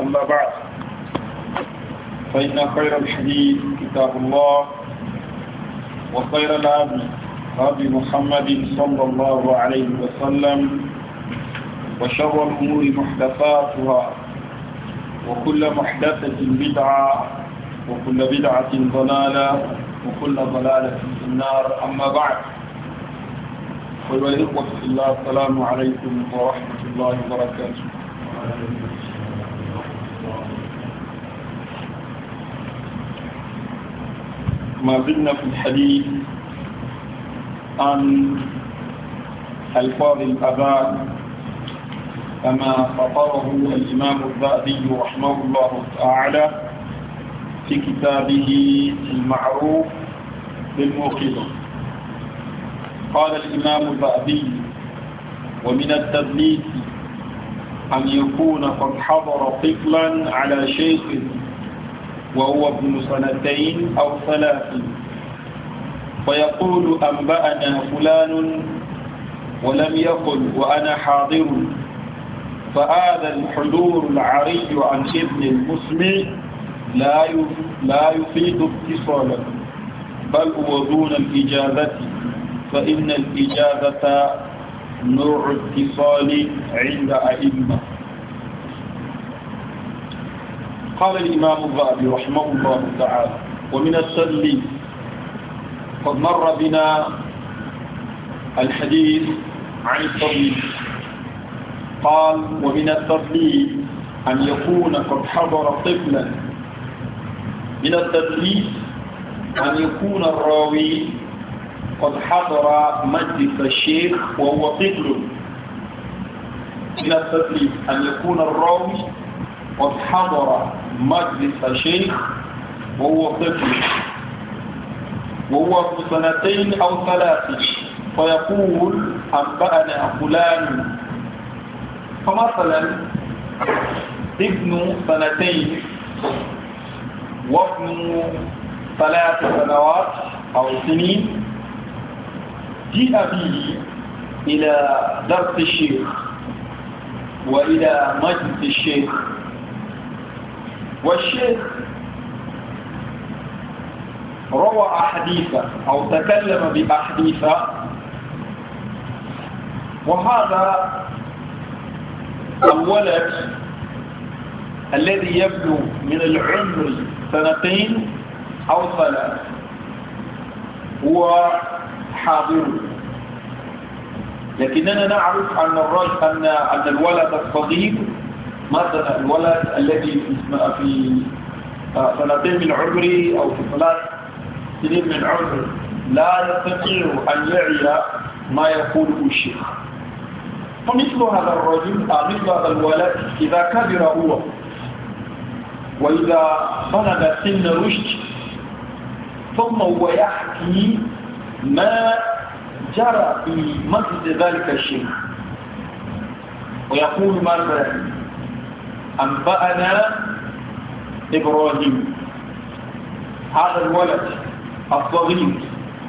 أما بعد فإن خير الحديث كتاب الله وخير الأبي أبي محمد صلى الله عليه وسلم وشر الأمور محدثاتها وكل محدثة بدعة وكل بدعة ضلالة وكل ضلالة في النار أما بعد والإخوة في الله السلام عليكم ورحمة الله وبركاته ما زلنا في الحديث عن ألفاظ الأذان كما فطره الإمام الذهبي رحمه الله تعالى في كتابه المعروف بالموقظة قال الإمام البأبي ومن التدليس أن يكون قد حضر طفلا على شيخ وهو ابن سنتين أو ثلاث فيقول أنبأنا فلان ولم يقل وأنا حاضر فهذا الحضور العري عن ابن المسلم لا لا يفيد اتصالا بل هو دون الإجابة فإن الإجابة نوع اتصال عند أئمة قال الإمام الذهبي رحمه الله تعالى ومن السل قد مر بنا الحديث عن الطبيب قال ومن التدليل أن يكون قد حضر طفلا من التدليس أن يكون الراوي قد حضر مجلس الشيخ وهو طفل إلى التثليث أن يكون الراوي قد حضر مجلس الشيخ وهو طفل وهو في سنتين أو ثلاث فيقول أنبأنا فلان فمثلا ابن سنتين وابن ثلاث سنوات أو سنين جيء بي إلى درس الشيخ وإلى مجلس الشيخ والشيخ روى أحاديث أو تكلم بأحاديث وهذا الولد الذي يبدو من العمر سنتين أو ثلاث هو حاضره لكننا نعرف أن الرجل أن أن الولد الصغير مثلا الولد الذي في سنتين من عمره أو في ثلاث سنين من عمره لا يستطيع أن يعي ما يقوله الشيخ فمثل هذا الرجل آه، مثل هذا الولد إذا كبر هو وإذا بلغ سن رشد ثم هو يحكي ما جرى في مسجد ذلك الشيء ويقول ماذا أنبأنا إبراهيم هذا الولد الصغير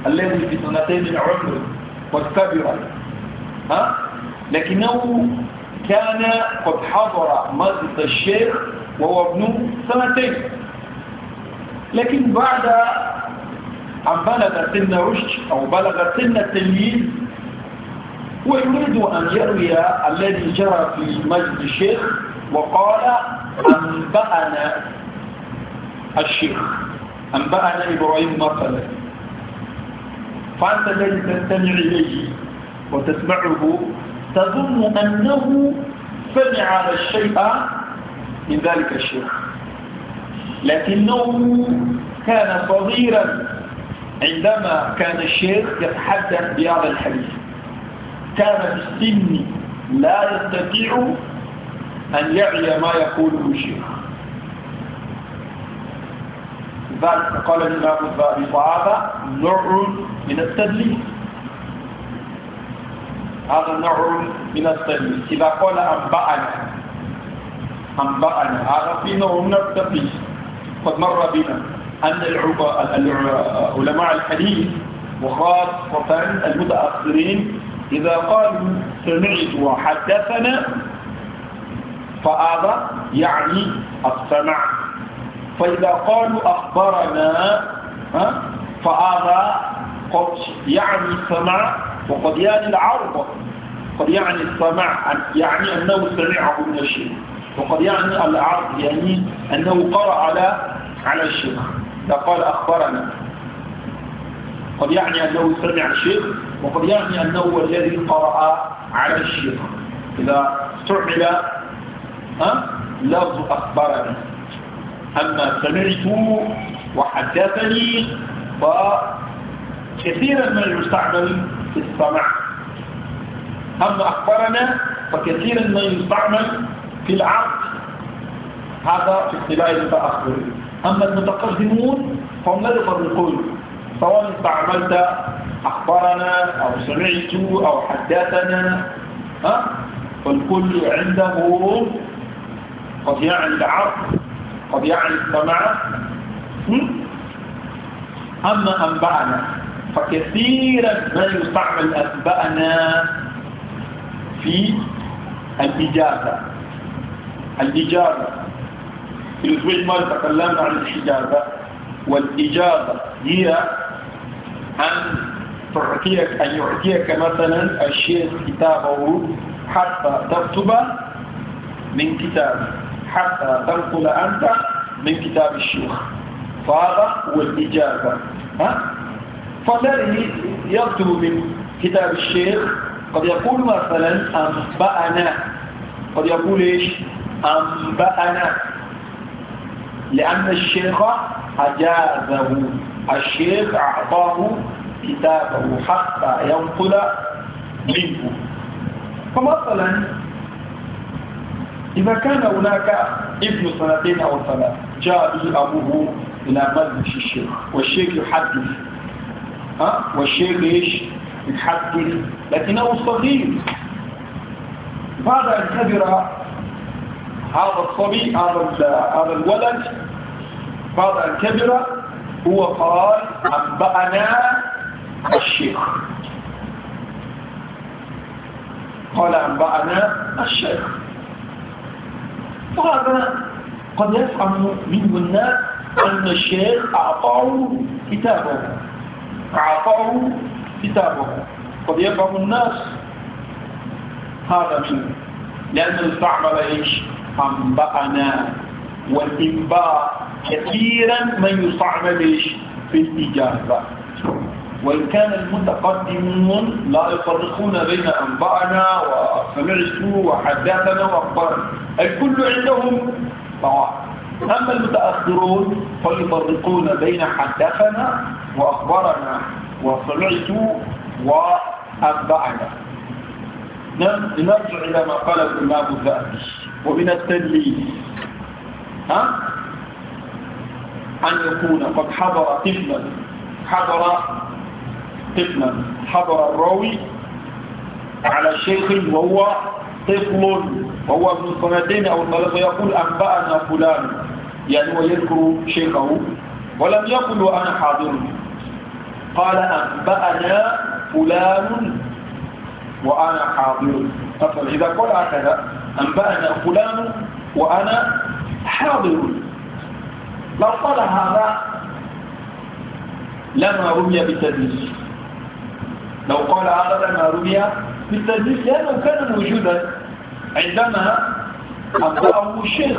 الذي في سنتين العمر والكبر ها لكنه كان قد حضر مسجد الشيخ وهو ابن سنتين لكن بعد أن بلغ سن رشد أو بلغ سن التمييز ويريد أن يروي الذي جرى في مجد الشيخ وقال أنبأنا الشيخ أنبأنا إبراهيم مثلا فأنت الذي تستمع إليه وتسمعه تظن أنه سمع هذا الشيء من ذلك الشيخ لكنه كان صغيرا عندما كان الشيخ يتحدث بهذا الحديث كان في السن لا يستطيع أن يعي ما يقوله الشيخ لذلك قال الإمام الذهبي فهذا نوع من التدليس هذا نوع من التدليس إذا قال أنبأنا أنبأنا هذا في نوع من التدليس قد مر بنا أن علماء الحديث وخاصة المتأخرين إذا قالوا سمعت وحدثنا فهذا يعني السمع فإذا قالوا أخبرنا فهذا قد يعني السمع وقد يعني العرض قد يعني السمع يعني أنه سمعه من الشيء وقد يعني العرض يعني أنه قرأ على على الشيء ده قال أخبرنا قد يعني أنه سمع الشيخ وقد يعني أنه الذي قرأ على الشيخ إذا استعمل لفظ أخبرنا أما سمعت وحدثني فكثيرا ما يستعمل في السمع أما أخبرنا فكثيرا ما يستعمل في العقد هذا في اختلاف المتأخرين أما المتقدمون فهم لا يفرقون سواء استعملت أخبرنا أو سمعت أو حدثنا ها فالكل عنده قد يعني العرض قد يعني السمع أما أنبأنا فكثيرا ما يستعمل أنبأنا في الإجابة الإجابة الماضي تكلمنا عن الإجابة والإجابة هي أن تعطيك أن يعطيك مثلا الشيخ كتابه حتى تكتب من كتاب حتى تنقل أنت من كتاب الشيخ فهذا هو الإجابة ها؟ فالذي يكتب من كتاب الشيخ قد يقول مثلا أنبأنا قد يقول إيش أنبأنا لأن الشيخ أجازه الشيخ أعطاه كتابه حتى ينقل منه فمثلا إذا كان هناك ابن سنتين أو ثلاث جاء به أبوه إلى مجلس الشيخ والشيخ يحدث ها والشيخ إيش يحدث لكنه صغير بعد أن كبر هذا الصبي هذا هذا الولد بعض الكبرة هو قال أنبأنا الشيخ قال أنبأنا الشيخ وهذا قد يفهم منه الناس أن الشيخ أعطاه كتابه أعطاه كتابه قد يفهم الناس هذا منه لأنه استعمل إيش أنبأنا والإنباء كثيرا من يصعب ليش في الإجابة وإن كان المتقدمون لا يفرقون بين أنبأنا وسمعت وحدثنا وأخبرنا الكل عندهم سواء أما المتأخرون فيفرقون بين حدثنا وأخبرنا وسمعت وأنبأنا نرجع إلى ما قال الإمام الذهبي ومن التدليس ها أن يكون قد حضر طفلا حضر طفلا حضر الراوي على الشيخ وهو طفل وهو ابن سنتين أو ثلاثة يقول أنبأنا فلان يعني هو يذكر شيخه ولم يقل وأنا حاضر قال أنبأنا فلان وأنا حاضر طفل إذا قال هكذا أنبأنا فلان وأنا حاضر لو قال هذا لما رمي بالتدليس لو قال هذا لما رمي بالتدليس لأنه كان موجودا عندما أبدأه الشيخ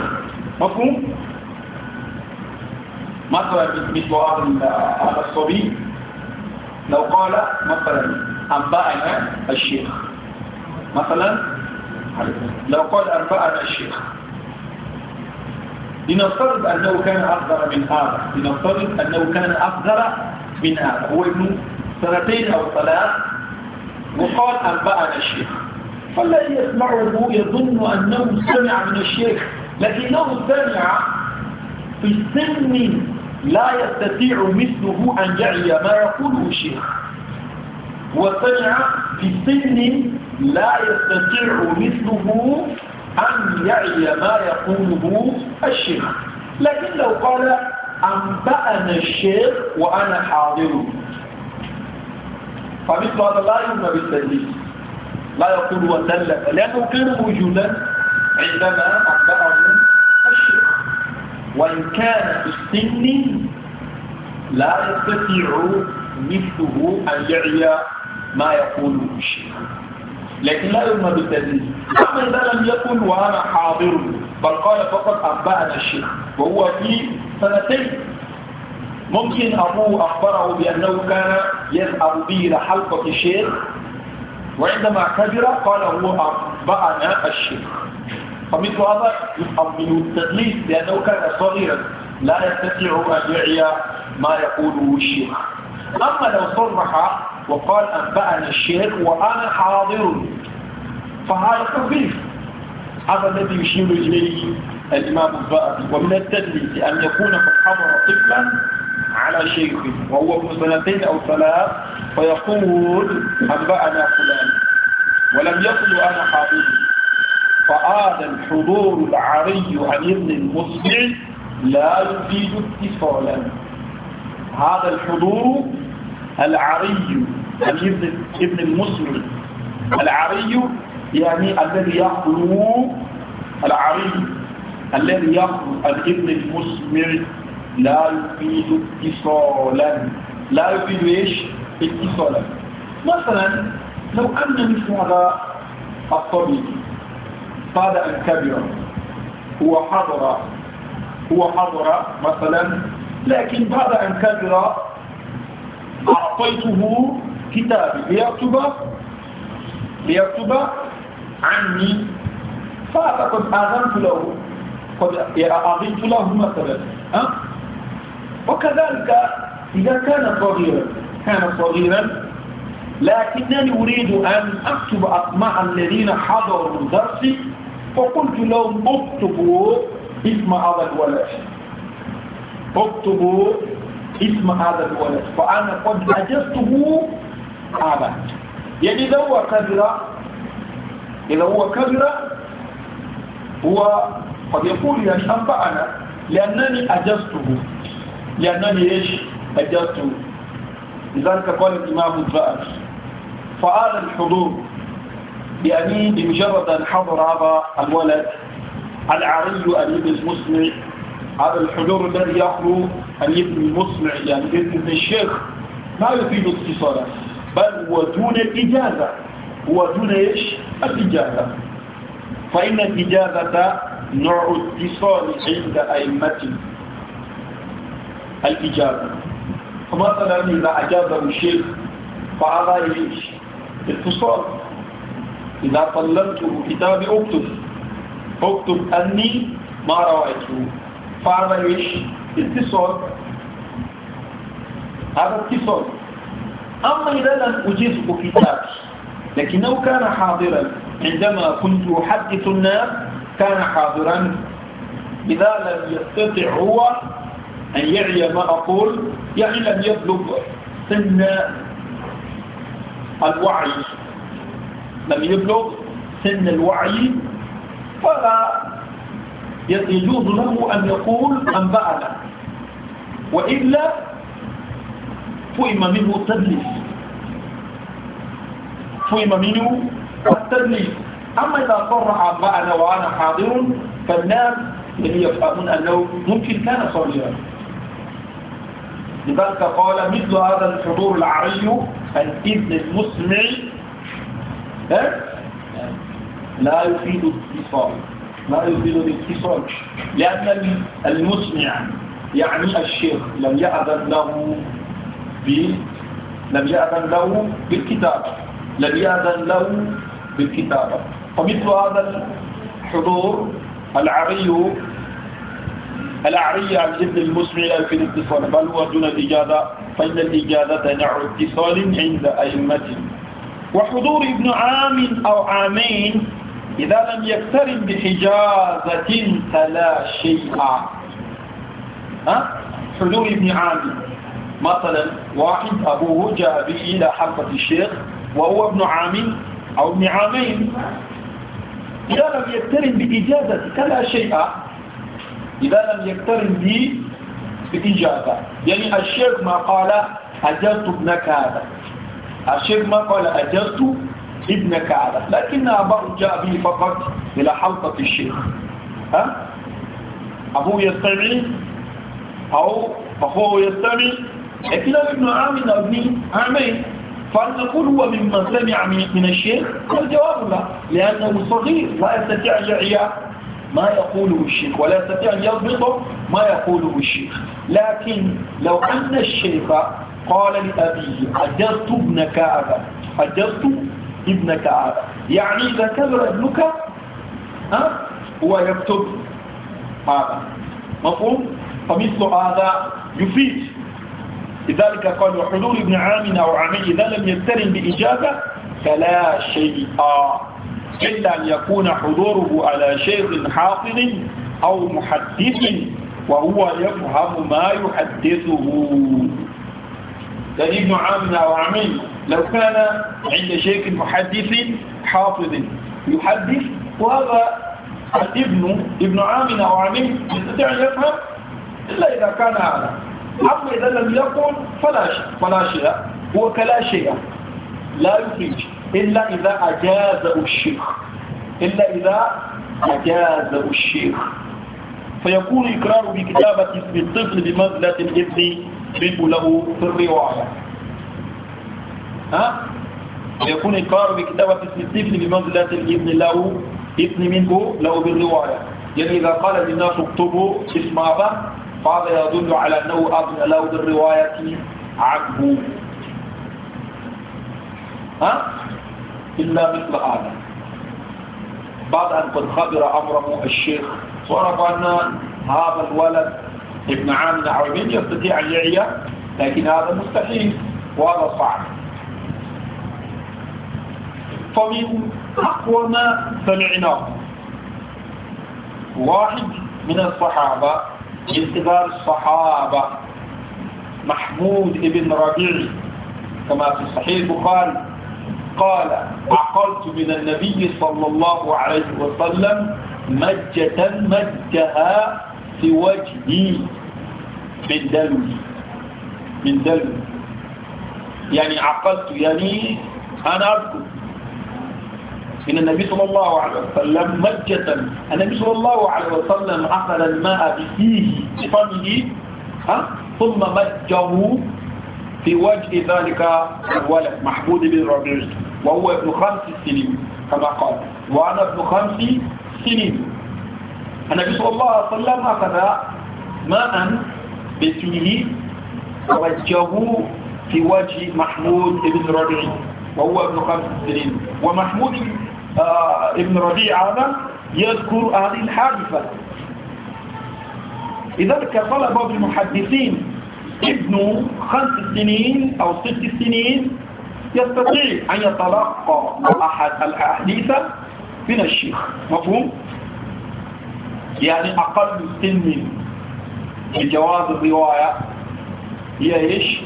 مفهوم؟ مثلا مثل هذا الصبي لو قال مثلا أنبأنا الشيخ مثلا لو قال أنبأنا الشيخ لنفترض أنه كان أصغر من هذا لنفترض أنه كان أصغر من هذا هو ابن سنتين أو ثلاث وقال أنبأنا الشيخ فالذي يسمعه يظن أنه سمع من الشيخ لكنه سمع في سن لا يستطيع مثله أن يعي ما يقوله الشيخ وسمع في سن لا يستطيع مثله أن يعي ما يقوله الشيخ لكن لو قال أنبأنا الشيخ وأنا حاضر فمثل هذا لا يؤمن بالتدليس لا يقول وسلف لأنه كان موجودا عندما أنبأه الشيخ وإن كان في السن لا يستطيع مثله أن يعي ما يقوله الشيخ لكن لا يرمى بالتدليس أما إذا لم يكن وأنا حاضر بل قال فقط أنبأنا الشيخ وهو في سنتين ممكن أبوه أخبره بأنه كان يذهب به إلى حلقة الشيخ وعندما كبر قال هو أنبأنا الشيخ فمثل هذا يحمل التدليس لأنه كان صغيرا لا يستطيع أن يعي ما يقوله الشيخ أما لو صرح وقال أنبأنا الشيخ وأنا حاضر فهذا تخفيف هذا الذي يشير إليه الإمام الباقي ومن التدليس أن يكون قد حضر طفلا على شيخه وهو ابن سنتين أو ثلاث فيقول أنبأنا فلان ولم يقل أنا حاضر فهذا الحضور العري عن ابن المسلم لا يفيد اتصالا هذا الحضور العري يعني ابن ابن المسلم العري يعني الذي يخلو العري الذي يخلو الابن المسمر لا يفيد اتصالا لا يفيد ايش؟ اتصالا مثلا لو ان مثل هذا الطبيب بعد ان كبر هو حضر هو حضر مثلا لكن بعد ان كبر أعطيته كتابي ليكتب ليكتب عني فأعتقد آذنت له قد أعظمت له مثلا أه؟ وكذلك إذا كان صغيرا كان صغيرا لكنني أريد أن أكتب أسماء الذين حضروا درسي فقلت لهم اكتبوا اسم هذا الولد اكتبوا اسم هذا الولد فأنا قد أجزته أبا يعني إذا هو كبر إذا هو كبر هو قد يقول يعني أنا لأنني أجزته لأنني إيش أجزته لذلك قال الإمام الزائر فآل الحضور يعني بمجرد أن حضر هذا الولد العري أن يبز مسلم هذا الحجر الذي يخلو أن يبني المسمع يعني ابن الشيخ ما يفيد اتصاله بل ودون الإجازة ودون إيش الإجازة فإن الإجازة نوع اتصال عند أئمة الإجازة فمثلا إذا أجازه الشيخ فهذا إيش اتصال إذا طلبته كتابي اكتب اكتب أني ما رأيته فعمل اتصال هذا اتصال أما إذا لم أجزه كتابي لكنه كان حاضرا عندما كنت أحدث الناس كان حاضرا إذا لم يستطع هو أن يعي ما أقول يعني لم يبلغ سن الوعي لم يبلغ سن الوعي فلا يجوز له أن يقول أنبأنا وإلا فهم منه التدليس فهم منه التدليس أما إذا صرح أنبأنا وأنا حاضر فالناس يعني يفهمون أنه ممكن كان صريعا لذلك قال مثل هذا الحضور العري الإذن المسمع لا يفيد اتصاله ما يفيد الاتصال لأن المسمع يعني الشيخ لم يأذن له ب لم يأذن له بالكتابة لم يأذن له بالكتابة فمثل هذا الحضور العري العري عن ابن المسمع في الاتصال بل هو دون الإجازة فإن الإجازة نوع اتصال عند أئمة وحضور ابن عام أو عامين إذا لم يقترن بحجازة فلا شيء ها حلول ابن عامر مثلا واحد أبوه جاء به إلى حلقة الشيخ وهو ابن عام أو ابن عامين إذا لم يقترن بإجازة فلا شيء إذا لم يقترن بإجازة يعني الشيخ ما قال أجلت ابنك هذا الشيخ ما قال أجلت ابن كعب لكن أباه جاء به فقط إلى حلقة الشيخ ها أبوه يستمع أو أخوه يستمع لكن ابن عام ابن عامين نقول هو مما سمع من الشيخ الجواب لا لأنه صغير لا يستطيع أن ما يقوله الشيخ ولا يستطيع أن يضبط ما يقوله الشيخ لكن لو أن الشيخ قال لأبيه أجرت ابنك أبا أجرت ابنك عاد يعني إذا كبر ابنك ها هو يكتب هذا مفهوم فمثل هذا يفيد لذلك قال وحضور ابن عام أو إذا لم يقترن بإجابة فلا شيء إلا أن يكون حضوره على شيخ حافظ أو محدث وهو يفهم ما يحدثه كان ابن عامنا أو عمين لو كان عند شيخ محدث حافظ يحدث وهذا الابن ابن عام أو عمين يستطيع أن يفهم إلا إذا كان هذا أما إذا لم يكن فلا شيء فلا شيء هو كلا شيء لا يخرج إلا إذا أجازه الشيخ إلا إذا أجازه الشيخ فيكون إقراره بكتابة اسم الطفل بمنزلة الابن يضرب له في الرواية ها يكون القرار بكتابة اسم الطفل بمنزلة الابن له ابن منه له بالرواية يعني إذا قال للناس اكتبوا اسم أبا فهذا يدل على أنه أبن له بالرواية عنه ها إلا مثل هذا بعد أن قد خبر أمره الشيخ وعرف أن هذا الولد ابن عامر عويمين يستطيع أن يعي لكن هذا مستحيل وهذا صعب فمن أقوى ما سمعناه واحد من الصحابة من كبار الصحابة محمود بن ربيع كما في صحيح البخاري قال عقلت من النبي صلى الله عليه وسلم مجة مجها في وجهي من دلو من دم يعني عقدت يعني أنا أذكر إن النبي صلى الله عليه وسلم مكة النبي صلى الله عليه وسلم عقل الماء بفيه بفمه ها ثم مجه في وجه ذلك الولد محمود بن ربيع وهو ابن خمس سنين كما قال وأنا ابن خمس سنين النبي صلى الله عليه وسلم أخذ ماء باسمه ووجهه في وجه محمود بن ربيع وهو ابن خمس سنين ومحمود آه، ابن ربيع هذا يذكر هذه الحادثة لذلك طلب المحدثين ابن خمس سنين أو ست سنين يستطيع أن يتلقى أحد الأحاديث من الشيخ مفهوم؟ يعني أقل سن الجواز الرواية هي إيش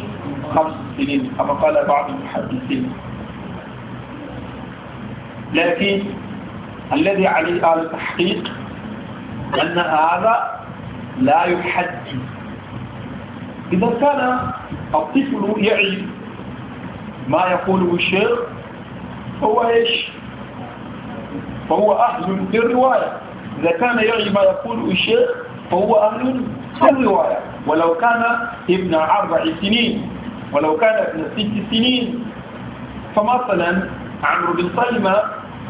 خمس سنين كما قال بعض المحدثين لكن الذي عليه آل التحقيق أن هذا لا يحدد إذا كان الطفل يعي ما يقوله الشيخ فهو إيش فهو أهل للرواية إذا كان يعي ما يقوله الشيخ فهو أهل الرواية ولو كان ابن أربع سنين ولو كان ابن ست سنين فمثلا عمرو بن سلمة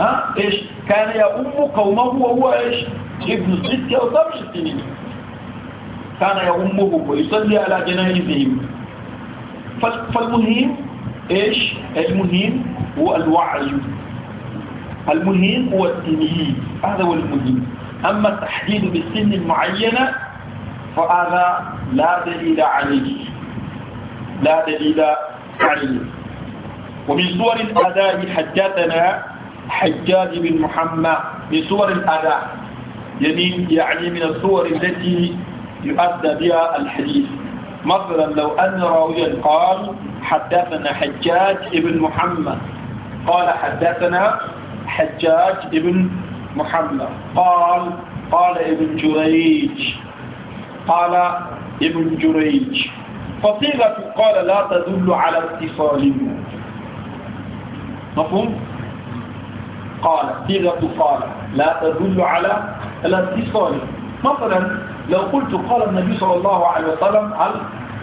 ها ايش كان يؤم قومه وهو ايش ابن ست أو سبع سنين كان يؤمه ويصلي على جنائزهم فالمهم ايش المهم هو الوعي المهم هو التمييز هذا هو المهم اما التحديد بالسن المعينه فهذا لا دليل عليه لا دليل عليه ومن صور الأداء حدثنا حجاج بن محمد من صور الأداء يعني يعني من الصور التي يؤدى بها الحديث مثلا لو أن راويا قال حدثنا حجاج بن محمد قال حدثنا حجاج بن محمد قال قال ابن جريج قال ابن جريج فصيغة قال لا تدل على اتصال مفهوم؟ قال صيغة قال لا تدل على الاتصال مثلا لو قلت قال النبي صلى الله عليه وسلم هل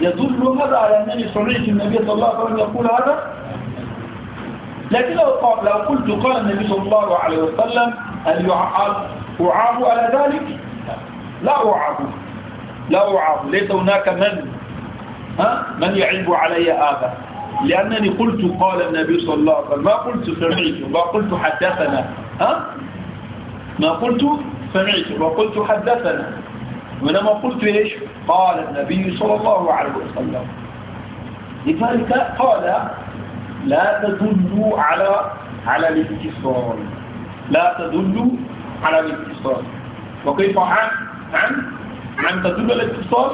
يدل هذا على أنني سمعت النبي صلى الله عليه وسلم يقول هذا؟ لكن لو قال لو قلت قال النبي صلى الله عليه وسلم هل يعاب على ذلك؟ لا أعابه لا أعرف ليس هناك من ها من يعيب علي هذا لأنني قلت قال النبي صلى الله عليه وسلم ما قلت سمعت ما قلت حدثنا ها ما قلت سمعت ما قلت حدثنا وإنما قلت إيش قال النبي صلى الله عليه وسلم لذلك قال لا تدلوا على على الاتصال لا تدلوا على الاتصال وكيف عن عن عن تتوب الاتصال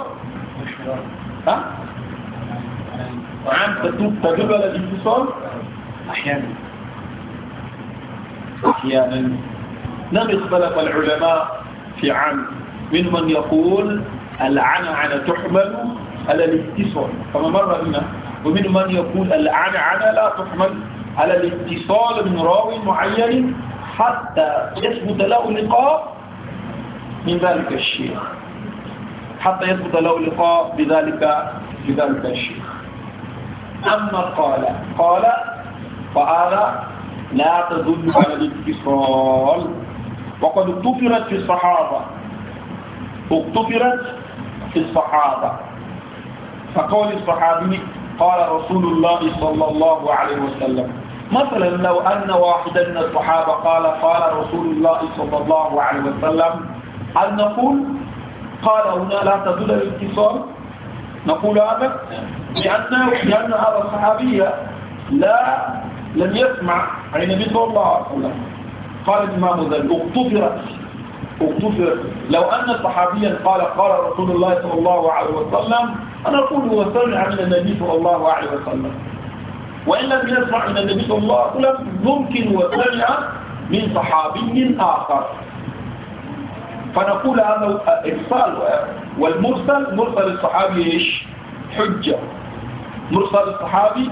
ها عن تتوب تتوب الاستبصار احيانا احيانا لم اختلف العلماء في عن من من يقول العنعنة تحمل على الاتصال كما مر بنا ومن من يقول العنعنة لا تحمل على الاتصال من راوي معين حتى يثبت له لقاء من ذلك الشيخ حتى يثبت له لقاء بذلك بذلك الشيخ أما قال قال فهذا لا تدل على الاتصال وقد اكتفرت في الصحابة اكتفرت في الصحابة فقول الصحابي قال رسول الله صلى الله عليه وسلم مثلا لو أن واحدا من الصحابة قال قال رسول الله صلى الله عليه وسلم أن نقول قال هنا لا تدل الاتصال نقول هذا لأن لأن هذا الصحابي لا لم يسمع عن النبي صلى الله عليه وسلم قال الإمام ذلك اغتفرت اغتفرت لو أن صحابيا قال قال رسول الله صلى الله عليه وسلم أنا أقول هو سمع من النبي صلى الله عليه وسلم وإن لم يسمع من النبي صلى الله عليه وسلم يمكن وسمع من صحابي آخر فنقول هذا الإرسال والمرسل مرسل الصحابي إيش حجة مرسل الصحابي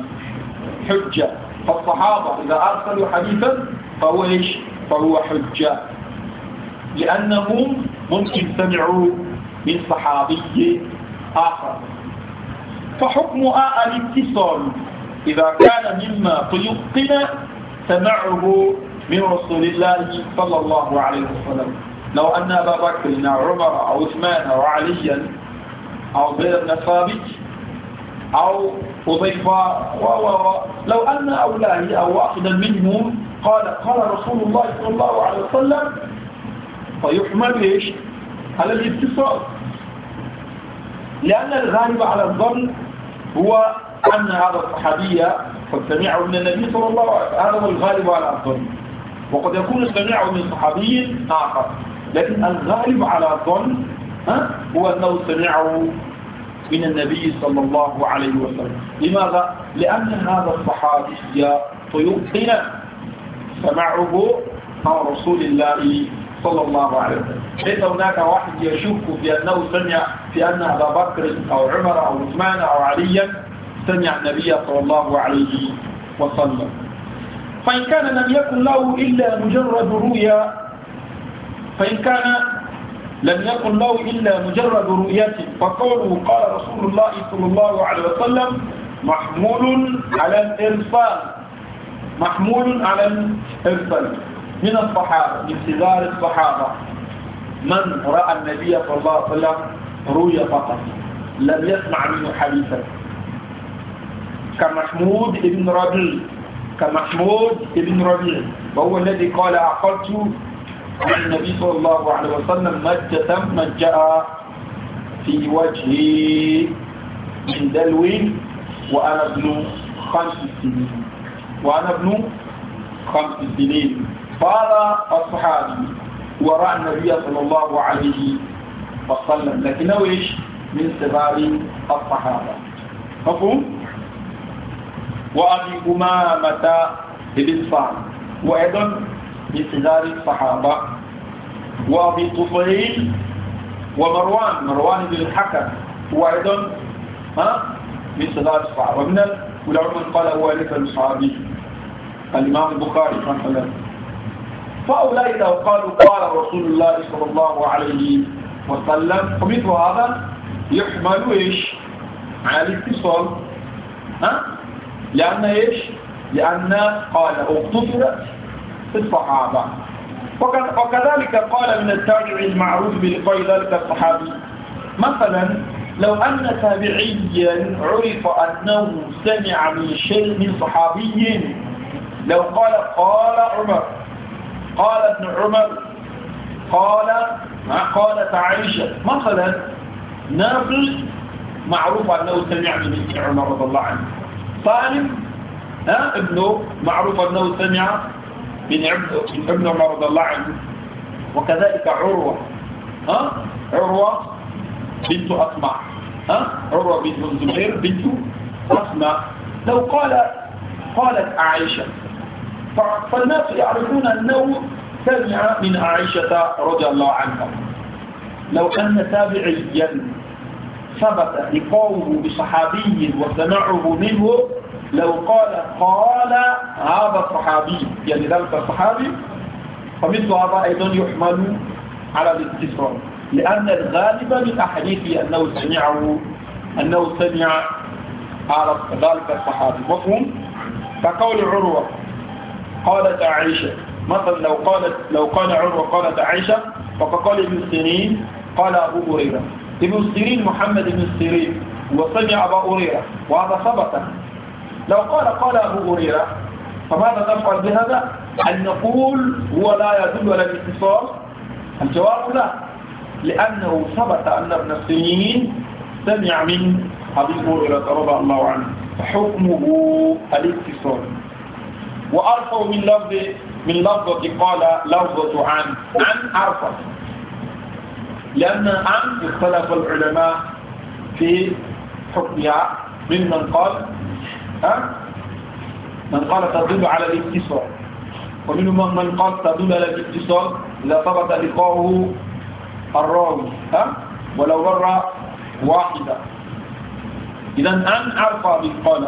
حجة فالصحابة إذا أرسلوا حديثا فهو إيش فهو حجة لأنهم ممكن سمعوا من صحابي آخر فحكمها آه الاتصال إذا كان مما تيقن سمعه من رسول الله صلى الله عليه وسلم لو أن أبا بكر أو عمر أو عثمان أو عليا أو زيد بن ثابت أو حذيفة و لو أن أولاه أو واحدا منهم قال قال رسول الله صلى الله عليه وسلم فيحمل إيش على الاتصال لأن الغالب على الظن هو أن هذا الصحابي قد سمعه من النبي صلى الله عليه وسلم هذا هو الغالب على الظن وقد يكون سمعه من صحابي آخر لكن الغالب على الظن هو أنه سمعه من النبي صلى الله عليه وسلم لماذا؟ لأن هذا الصحابي فيمكن سمعه عن رسول الله صلى الله عليه وسلم ليس هناك واحد يشك بأنه سمع في أن أبا بكر أو عمر أو عثمان أو عليا سمع النبي صلى الله عليه وسلم فإن كان لم يكن له إلا مجرد رؤيا فإن كان لم يكن له إلا مجرد رؤيته فقوله قال رسول الله صلى الله عليه وسلم محمول على الإرسال محمول على الإرسال من الصحابة من كبار الصحابة من رأى النبي صلى الله عليه وسلم رؤيا فقط لم يسمع منه حديثا كمحمود بن ربيع كمحمود بن ربيع وهو الذي قال عقلت عن النبي صلى الله عليه وسلم مجة مجة في وجهي من دلو وأنا ابن خمس سنين وأنا ابن خمس سنين قال الصحابي وراء النبي صلى الله عليه وسلم لكنه ايش من صغار الصحابة مفهوم وأبي أمامة بن صالح وأيضا بكبار الصحابة وأبي طفيل ومروان مروان بن الحكم هو أيضا ها من صدار الصحابة ومن العلماء قال هو ألف الصحابي الإمام البخاري رحمه الله فأولئك لو قالوا قال رسول الله صلى الله عليه وسلم فمثل هذا يحمل إيش على الاتصال ها لأن إيش لأن قال اقتصرت في الصحابة وكذلك قال من التابع المعروف بلقاء ذلك الصحابي مثلا لو أن تابعيا عرف أنه سمع من شيء من صحابي لو قال قال عمر قال ابن عمر قال قالت عائشة مثلا ناقل معروف أنه سمع من ابن عمر رضي الله عنه سالم ابنه معروف أنه سمع بن ابن عمر رضي الله عنه وكذلك عروة ها عروة بنت أسمع ها عروة بنت الزبير بنت أسمع لو قال قالت عائشة فالناس يعرفون أنه سمع من عائشة رضي الله عنها لو أن تابعيا ثبت لقوه بصحابي وسمعه منه لو قال قال هذا الصحابي يعني ذلك الصحابي فمثل هذا أيضا يحمل على الاستسرار لأن الغالب من أحاديثه أنه سمعه أنه سمع على ذلك الصحابي مفهوم؟ فقول عروة قالت عائشة مثلا لو قالت لو قال عروة قالت عائشة فقال ابن سيرين قال أبو هريرة ابن سيرين محمد بن سيرين وسمع أبا هريرة وهذا ثبت لو قال قال أبو هريرة فماذا نفعل بهذا أن نقول هو لا يدل على الاتصال الجواب لا لأنه ثبت أن ابن السيرين سمع من أبي هريرة رضي الله عنه فحكمه الاتصال وأرفع من لفظ من لفظة قال لفظة عن عن أرفع لأن عن اختلف العلماء في حكمها ممن قال ها من قال تدل على الاتصال ومنهم من قال تدل على الاتصال إذا ثبت لقاؤه الراوي ها ولو مرة واحدة إذا أن أرفع من قال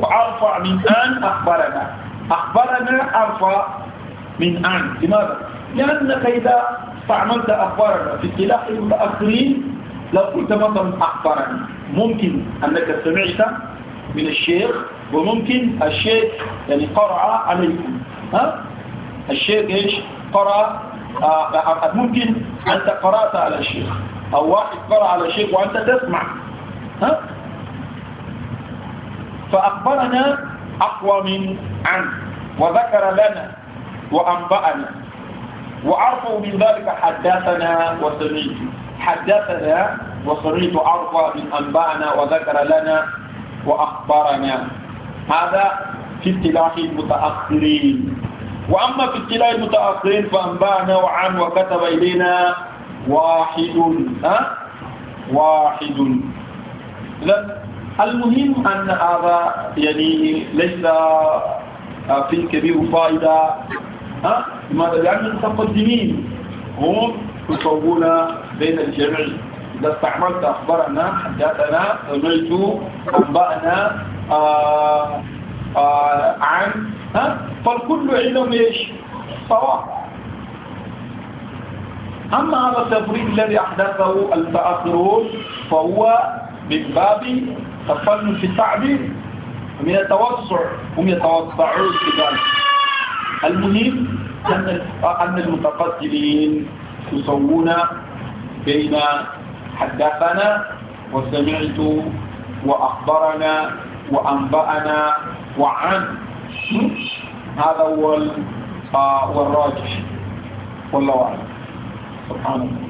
وأرفع من أن أخبرنا أخبرنا أرفع من أن لماذا؟ لأنك إذا استعملت أخبارنا في اصطلاح المتأخرين لو قلت مثلا أخبرني ممكن أنك سمعت من الشيخ وممكن الشيء يعني قرع عليكم ها الشيء ايش قرأ آه،, آه ممكن أنت قرأت على الشيخ أو واحد قرأ على الشيخ وأنت تسمع ها فأخبرنا أقوى من عنه وذكر لنا وأنبأنا وعرفوا من ذلك حدثنا وسميت حدثنا وسميت عرفا من أنبأنا وذكر لنا وأخبرنا هذا في اصطلاح المتأخرين وأما في اصطلاح المتأخرين فأنبانا وعن وكتب إلينا واحد ها واحد إذا المهم أن هذا يعني ليس آه، فيه كبير فائدة ها لماذا؟ لأن المتقدمين هم يصوبون بين الجميع إذا استعملت أخبارنا حدثنا سمعت أنبأنا عام فالكل عندهم ايش؟ صواب أما هذا التفريق الذي أحدثه المتأخرون فهو من باب تفنن في التعبير ومن التوسع هم يتوسعون في ذلك المهم أن المتقدمين يسوون بين حدثنا وسمعت وأخبرنا وأنبأنا وعن هذا هو آه، الراجح والله أعلم سبحانه